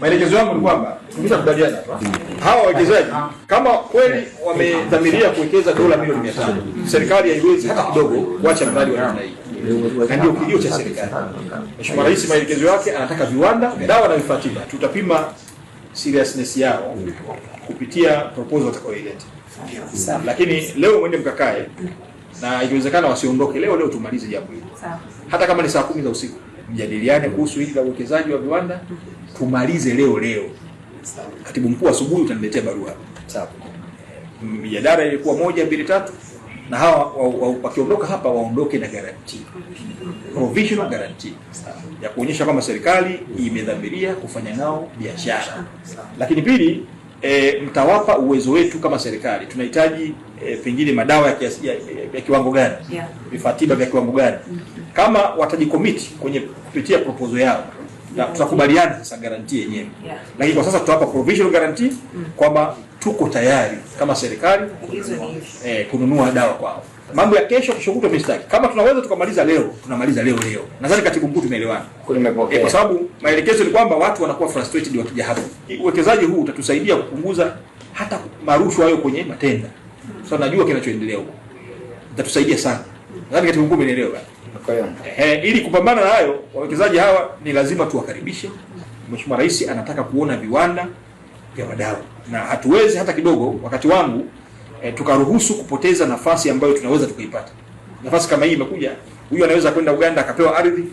Maelekezo yangu ni kwamba tumeshakubaliana hawa wawekezaji kama kweli wamedhamiria kuwekeza dola milioni 500, serikali haiwezi hata kidogo kuacha mradi wa namna hii, na ndio kilio cha serikali. Mheshimiwa Rais, maelekezo yake anataka viwanda, dawa na vifaa tiba. Tutapima seriousness yao kupitia proposal watakayoileta, lakini leo mwende mkakae, na ikiwezekana wasiondoke leo. Leo tumalize jambo hili, hata kama ni saa kumi za usiku mjadiliane kuhusu hili la uwekezaji wa viwanda, tumalize leo leo. Katibu mkuu, asubuhi utaniletea barua. Sawa, Mjadala ilikuwa moja mbili tatu, na hawa wakiondoka hapa waondoke na guarantee, provisional guarantee ya kuonyesha kwamba serikali imedhamiria kufanya nao biashara. Lakini pili e, mtawapa uwezo wetu kama serikali tunahitaji e, pengine madawa ya, kiasi, ya, ya kiwango gani yeah. vifaa tiba vya kiwango gani mm -hmm. kama watajikomiti kwenye kupitia proposal yao yeah, tutakubaliana Sasa guarantee yenyewe yeah. Lakini kwa sasa tutawapa provisional guarantee mm. kwamba tuko tayari kama serikali kununua, eh, kununua dawa kwao. Mambo ya kesho kesho kutwa mistaki. Kama tunaweza tukamaliza leo, tunamaliza leo leo. Nadhani katibu mkuu tumeelewana. E, kwa sababu maelekezo ni kwamba watu wanakuwa frustrated wakija hapo. Uwekezaji huu utatusaidia kupunguza hata marushwa hayo kwenye matenda. Sasa so, najua kinachoendelea huko. Itatusaidia sana. Nadhani katibu mkuu hiyo eh, eh, ili kupambana na hayo wawekezaji hawa ni lazima tuwakaribishe. Mheshimiwa Rais anataka kuona viwanda vya wadau na hatuwezi hata kidogo wakati wangu e, tukaruhusu kupoteza nafasi ambayo tunaweza tukaipata. Nafasi kama hii imekuja, huyu anaweza kwenda Uganda akapewa ardhi,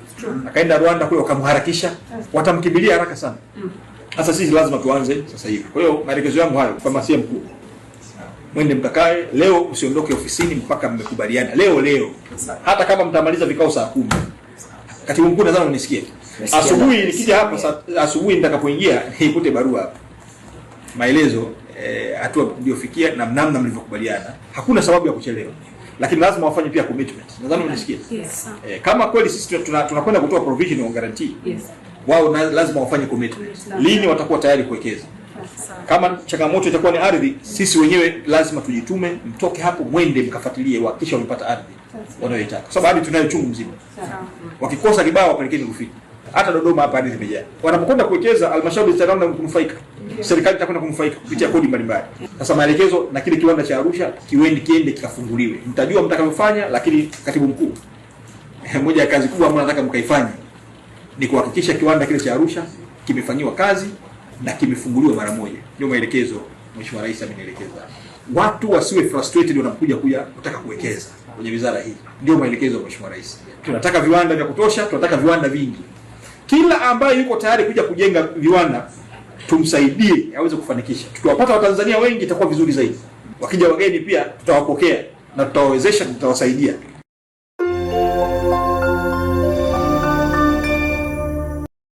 akaenda Rwanda kule wakamharakisha, watamkimbilia haraka sana. Mm. Sasa sisi lazima tuanze sasa hivi. Kwa hiyo maelekezo yangu hayo kwa masia mkuu, mwende mkakae leo, usiondoke ofisini mpaka mmekubaliana leo leo, hata kama mtamaliza vikao saa kumi. Katibu mkuu nadhani unisikie asubuhi nikija hapa, asubuhi nitakapoingia nikute barua hapa maelezo Eh, hatua e, mliofikia na namna mlivyokubaliana, hakuna sababu ya kuchelewa, lakini lazima wafanye pia commitment. Nadhani unanisikia? Yes, e, kama kweli sisi tunakwenda tuna kutoa provisional guarantee yes. Wao lazima wafanye commitment, Yes. lini watakuwa tayari kuwekeza. Kama changamoto itakuwa ni ardhi, sisi wenyewe lazima tujitume, mtoke hapo mwende mkafuatilie, hakikisha wamepata ardhi wanayoitaka, kwa sababu ardhi tunayo chungu mzima. Wakikosa kibao, wapelekeni Rufiji. Hata Dodoma hapa ardhi imejaa, wanapokwenda kuwekeza halmashauri zitaona kunufaika serikali itakwenda kunufaika kupitia kodi mbalimbali. Sasa maelekezo na kile kiwanda cha Arusha kiwende kiende kikafunguliwe, mtajua mtakavyofanya. Lakini katibu mkuu, eh, moja ya kazi kubwa ambayo nataka mkaifanye ni kuhakikisha kiwanda kile cha Arusha kimefanyiwa kazi na kimefunguliwa mara moja. Ndio maelekezo Mheshimiwa Rais amenielekeza. Watu wasiwe frustrated wanapokuja kuja kutaka kuwekeza kwenye wizara hii. Ndio maelekezo ya Mheshimiwa Rais. Tunataka viwanda vya kutosha, tunataka viwanda vingi. Kila ambaye yuko tayari kuja kujenga viwanda tumsaidie aweze kufanikisha. Tukiwapata Watanzania wengi itakuwa vizuri zaidi. Wakija wageni pia tutawapokea na tutawawezesha, tutawasaidia.